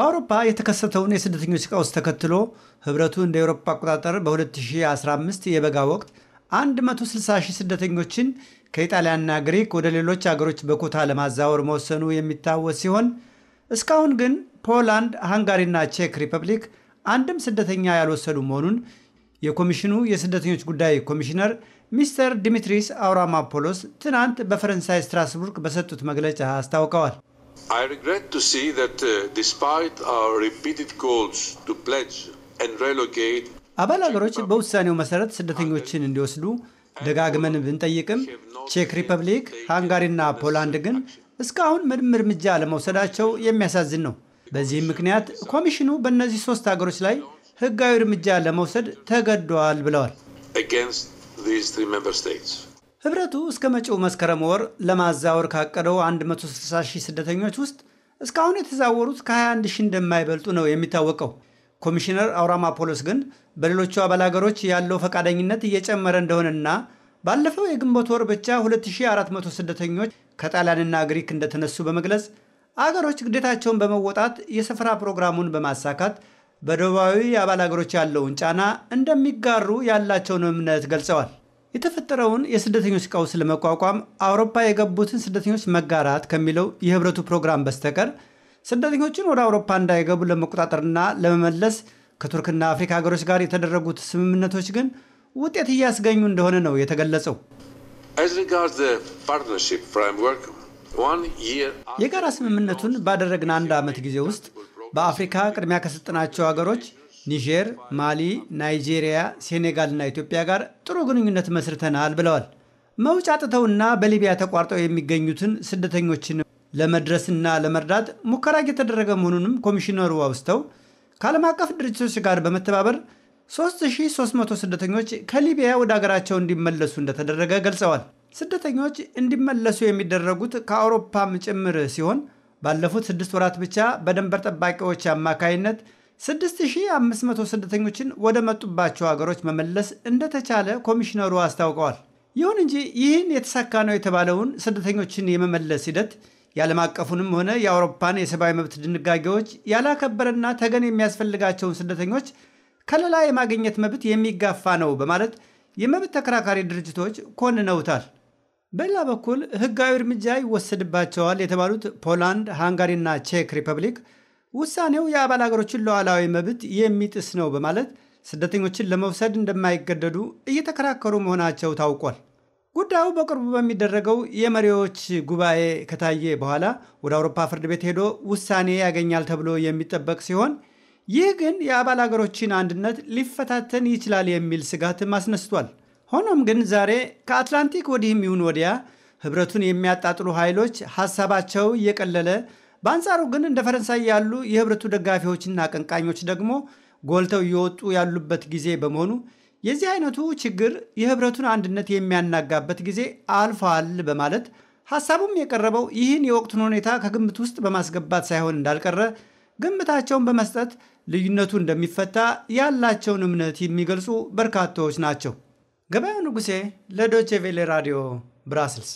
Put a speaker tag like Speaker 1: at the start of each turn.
Speaker 1: በአውሮፓ የተከሰተውን የስደተኞች ቀውስ ተከትሎ ህብረቱ እንደ ኤውሮፓ አቆጣጠር በ2015 የበጋ ወቅት 160 ሺህ ስደተኞችን ከኢጣሊያና ግሪክ ወደ ሌሎች አገሮች በኮታ ለማዛወር መወሰኑ የሚታወስ ሲሆን እስካሁን ግን ፖላንድ፣ ሃንጋሪና ቼክ ሪፐብሊክ አንድም ስደተኛ ያልወሰዱ መሆኑን የኮሚሽኑ የስደተኞች ጉዳይ ኮሚሽነር ሚስተር ዲሚትሪስ አውራማፖሎስ ትናንት በፈረንሳይ ስትራስቡርግ በሰጡት መግለጫ አስታውቀዋል። I regret to see that uh, despite our repeated calls to pledge and relocate አባል አገሮች በውሳኔው መሰረት ስደተኞችን እንዲወስዱ ደጋግመን ብንጠይቅም ቼክ ሪፐብሊክ፣ ሃንጋሪና ፖላንድ ግን እስካሁን ምንም እርምጃ ለመውሰዳቸው የሚያሳዝን ነው። በዚህም ምክንያት ኮሚሽኑ በእነዚህ ሶስት አገሮች ላይ ህጋዊ እርምጃ ለመውሰድ ተገደዋል ብለዋል። ህብረቱ እስከ መጪው መስከረም ወር ለማዛወር ካቀደው 160 ሺህ ስደተኞች ውስጥ እስካሁን የተዛወሩት ከ21 ሺህ እንደማይበልጡ ነው የሚታወቀው። ኮሚሽነር አውራማፖሎስ ግን በሌሎቹ አባል ሀገሮች ያለው ፈቃደኝነት እየጨመረ እንደሆነና ባለፈው የግንቦት ወር ብቻ 2400 ስደተኞች ከጣሊያንና ግሪክ እንደተነሱ በመግለጽ አገሮች ግዴታቸውን በመወጣት የስፍራ ፕሮግራሙን በማሳካት በደቡባዊ የአባል ሀገሮች ያለውን ጫና እንደሚጋሩ ያላቸውን እምነት ገልጸዋል። የተፈጠረውን የስደተኞች ቀውስ ለመቋቋም አውሮፓ የገቡትን ስደተኞች መጋራት ከሚለው የህብረቱ ፕሮግራም በስተቀር ስደተኞችን ወደ አውሮፓ እንዳይገቡ ለመቆጣጠርና ለመመለስ ከቱርክና አፍሪካ ሀገሮች ጋር የተደረጉት ስምምነቶች ግን ውጤት እያስገኙ እንደሆነ ነው የተገለጸው። የጋራ ስምምነቱን ባደረግን አንድ ዓመት ጊዜ ውስጥ በአፍሪካ ቅድሚያ ከሰጠናቸው ሀገሮች ኒጀር፣ ማሊ፣ ናይጄሪያ፣ ሴኔጋልና ኢትዮጵያ ጋር ጥሩ ግንኙነት መስርተናል ብለዋል። መውጫ አጥተውና በሊቢያ ተቋርጠው የሚገኙትን ስደተኞችን ለመድረስና ለመርዳት ሙከራ እየተደረገ መሆኑንም ኮሚሽነሩ አውስተው ከዓለም አቀፍ ድርጅቶች ጋር በመተባበር 3300 ስደተኞች ከሊቢያ ወደ አገራቸው እንዲመለሱ እንደተደረገ ገልጸዋል። ስደተኞች እንዲመለሱ የሚደረጉት ከአውሮፓም ጭምር ሲሆን ባለፉት ስድስት ወራት ብቻ በደንበር ጠባቂዎች አማካይነት 6500 ስደተኞችን ወደ መጡባቸው ሀገሮች መመለስ እንደተቻለ ኮሚሽነሩ አስታውቀዋል። ይሁን እንጂ ይህን የተሳካ ነው የተባለውን ስደተኞችን የመመለስ ሂደት የዓለም አቀፉንም ሆነ የአውሮፓን የሰብአዊ መብት ድንጋጌዎች ያላከበረና ተገን የሚያስፈልጋቸውን ስደተኞች ከለላ የማግኘት መብት የሚጋፋ ነው በማለት የመብት ተከራካሪ ድርጅቶች ኮንነውታል። በሌላ በኩል ሕጋዊ እርምጃ ይወሰድባቸዋል የተባሉት ፖላንድ፣ ሃንጋሪና ቼክ ሪፐብሊክ ውሳኔው የአባል አገሮችን ሉዓላዊ መብት የሚጥስ ነው በማለት ስደተኞችን ለመውሰድ እንደማይገደዱ እየተከራከሩ መሆናቸው ታውቋል። ጉዳዩ በቅርቡ በሚደረገው የመሪዎች ጉባኤ ከታየ በኋላ ወደ አውሮፓ ፍርድ ቤት ሄዶ ውሳኔ ያገኛል ተብሎ የሚጠበቅ ሲሆን ይህ ግን የአባል አገሮችን አንድነት ሊፈታተን ይችላል የሚል ስጋትም አስነስቷል። ሆኖም ግን ዛሬ ከአትላንቲክ ወዲህም ይሁን ወዲያ ህብረቱን የሚያጣጥሉ ኃይሎች ሐሳባቸው እየቀለለ በአንጻሩ ግን እንደ ፈረንሳይ ያሉ የህብረቱ ደጋፊዎችና አቀንቃኞች ደግሞ ጎልተው እየወጡ ያሉበት ጊዜ በመሆኑ የዚህ አይነቱ ችግር የህብረቱን አንድነት የሚያናጋበት ጊዜ አልፏል በማለት ሀሳቡም የቀረበው ይህን የወቅቱን ሁኔታ ከግምት ውስጥ በማስገባት ሳይሆን እንዳልቀረ ግምታቸውን በመስጠት ልዩነቱ እንደሚፈታ ያላቸውን እምነት የሚገልጹ በርካታዎች ናቸው። ገበያው ንጉሴ ለዶቼ ቬሌ ራዲዮ ብራስልስ